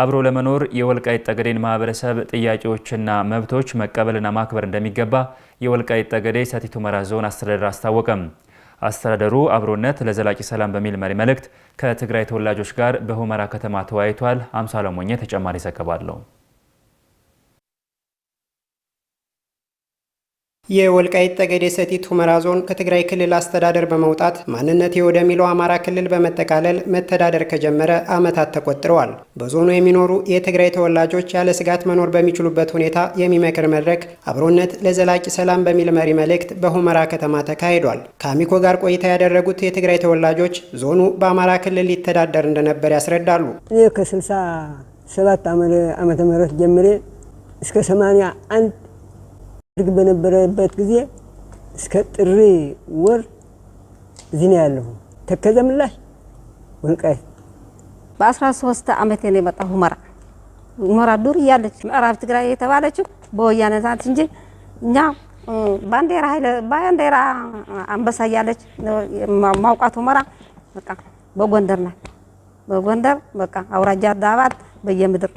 አብሮ ለመኖር የወልቃይት ጠገዴን ማህበረሰብ ጥያቄዎችና መብቶች መቀበልና ማክበር እንደሚገባ የወልቃይት ጠገዴ ሰቲት ሁመራ ዞን አስተዳደር አስታወቀም። አስተዳደሩ አብሮነት ለዘላቂ ሰላም በሚል መሪ መልእክት ከትግራይ ተወላጆች ጋር በሁመራ ከተማ ተወያይቷል። አምሳ ለሞኘ ተጨማሪ ዘገባ አለው። የወልቃይት ጠገዴ ሰቲት ሁመራ ዞን ከትግራይ ክልል አስተዳደር በመውጣት ማንነቴ ወደሚለው አማራ ክልል በመጠቃለል መተዳደር ከጀመረ ዓመታት ተቆጥረዋል። በዞኑ የሚኖሩ የትግራይ ተወላጆች ያለ ስጋት መኖር በሚችሉበት ሁኔታ የሚመክር መድረክ አብሮነት ለዘላቂ ሰላም በሚል መሪ መልእክት በሁመራ ከተማ ተካሂዷል። ከአሚኮ ጋር ቆይታ ያደረጉት የትግራይ ተወላጆች ዞኑ በአማራ ክልል ሊተዳደር እንደነበር ያስረዳሉ። ከ67 ዓመተ ምህረት ጀምሬ እስከ 81 ድግ በነበረበት ጊዜ እስከ ጥሪ ወር እዚህ ነው ያለሁ። ተከዘ ምላሽ ወልቃይት በ13 ዓመቴ ነው የመጣሁ ሁመራ። ሁመራ ዱር እያለች ምዕራብ ትግራይ የተባለችው በወያኔ ሰዓት እንጂ እኛ ባንዴራ ኃይለ ባንዴራ አንበሳ እያለች ማውቃት ሁመራ በቃ በጎንደር ናት። በጎንደር በቃ አውራጃ ዳባት በየምድር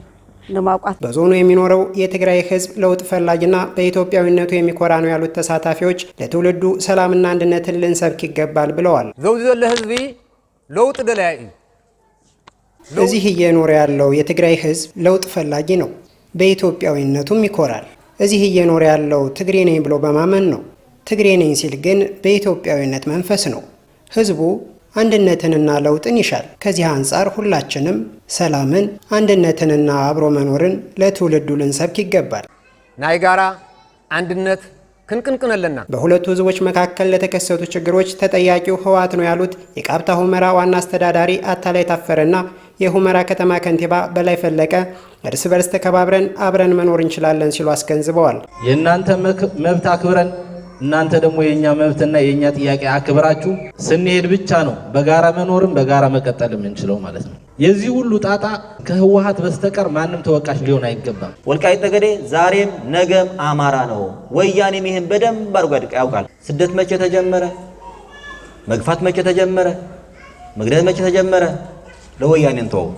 ለማውቃት በዞኑ የሚኖረው የትግራይ ህዝብ ለውጥ ፈላጊና በኢትዮጵያዊነቱ የሚኮራ ነው ያሉት ተሳታፊዎች ለትውልዱ ሰላምና አንድነትን ልንሰብክ ይገባል ብለዋል። ዘውዚ ዘለ ህዝቢ ለውጥ እዩ እዚህ እየኖረ ያለው የትግራይ ህዝብ ለውጥ ፈላጊ ነው፣ በኢትዮጵያዊነቱም ይኮራል። እዚህ እየኖረ ያለው ትግሬ ነኝ ብሎ በማመን ነው። ትግሬ ነኝ ሲል ግን በኢትዮጵያዊነት መንፈስ ነው። ህዝቡ አንድነትንና ለውጥን ይሻል። ከዚህ አንጻር ሁላችንም ሰላምን፣ አንድነትንና አብሮ መኖርን ለትውልዱ ልንሰብክ ይገባል። ናይ ጋራ አንድነት ክንቅንቅንልና በሁለቱ ህዝቦች መካከል ለተከሰቱ ችግሮች ተጠያቂው ህወሓት ነው ያሉት የቃብታ ሁመራ ዋና አስተዳዳሪ አታላይ ታፈረና የሁመራ ከተማ ከንቲባ በላይ ፈለቀ እርስ በርስ ተከባብረን አብረን መኖር እንችላለን ሲሉ አስገንዝበዋል። የእናንተ መብት አክብረን እናንተ ደግሞ የእኛ መብትና የእኛ ጥያቄ አክብራችሁ ስንሄድ ብቻ ነው በጋራ መኖርም በጋራ መቀጠል የምንችለው ማለት ነው። የዚህ ሁሉ ጣጣ ከህወሓት በስተቀር ማንም ተወቃሽ ሊሆን አይገባም። ወልቃይት ጠገዴ ዛሬም ነገም አማራ ነው። ወያኔም ይህን በደንብ አድርጎ ያውቃል። ስደት መቼ ተጀመረ? መግፋት መቼ ተጀመረ? መግደል መቼ ተጀመረ? ለወያኔን ተወው።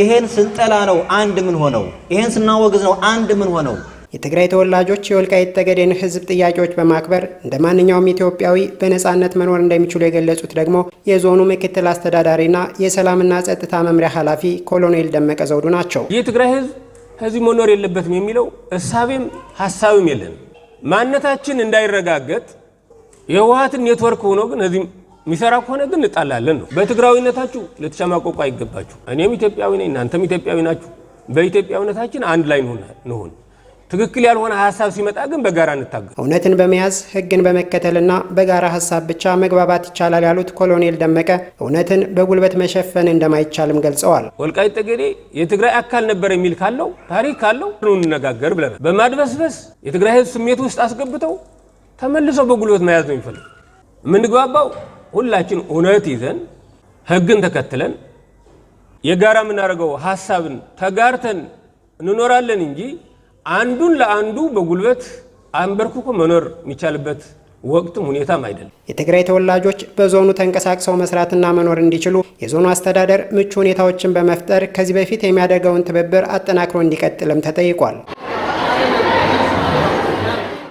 ይሄን ስንጠላ ነው አንድ ምን ሆነው? ይሄን ስናወግዝ ነው አንድ ምን ሆነው? የትግራይ ተወላጆች የወልቃይት ጠገዴን ህዝብ ጥያቄዎች በማክበር እንደ ማንኛውም ኢትዮጵያዊ በነፃነት መኖር እንደሚችሉ የገለጹት ደግሞ የዞኑ ምክትል አስተዳዳሪና የሰላምና ጸጥታ መምሪያ ኃላፊ ኮሎኔል ደመቀ ዘውዱ ናቸው። ይህ ትግራይ ህዝብ ከዚህ መኖር የለበትም የሚለው እሳቤም ሀሳብም የለን። ማንነታችን እንዳይረጋገጥ የህወሀትን ኔትወርክ ሆኖ ግን እዚህ የሚሰራ ከሆነ ግን እንጣላለን ነው። በትግራዊነታችሁ ልትሸማቆቁ አይገባችሁ። እኔም ኢትዮጵያዊ ነኝ፣ እናንተም ኢትዮጵያዊ ናችሁ። በኢትዮጵያዊነታችን አንድ ላይ እንሆን ትክክል ያልሆነ ሀሳብ ሲመጣ ግን በጋራ እንታገል። እውነትን በመያዝ ህግን በመከተልና በጋራ ሀሳብ ብቻ መግባባት ይቻላል ያሉት ኮሎኔል ደመቀ እውነትን በጉልበት መሸፈን እንደማይቻልም ገልጸዋል። ወልቃይት ጠገዴ የትግራይ አካል ነበር የሚል ካለው ታሪክ ካለው ነው እንነጋገር ብለናል። በማድበስበስ የትግራይ ህዝብ ስሜት ውስጥ አስገብተው ተመልሰው በጉልበት መያዝ ነው የሚፈልግ። የምንግባባው ሁላችን እውነት ይዘን ህግን ተከትለን የጋራ የምናደርገው ሀሳብን ተጋርተን እንኖራለን እንጂ አንዱን ለአንዱ በጉልበት አንበርክኮ መኖር የሚቻልበት ወቅትም ሁኔታም አይደለም። የትግራይ ተወላጆች በዞኑ ተንቀሳቅሰው መስራትና መኖር እንዲችሉ የዞኑ አስተዳደር ምቹ ሁኔታዎችን በመፍጠር ከዚህ በፊት የሚያደርገውን ትብብር አጠናክሮ እንዲቀጥልም ተጠይቋል።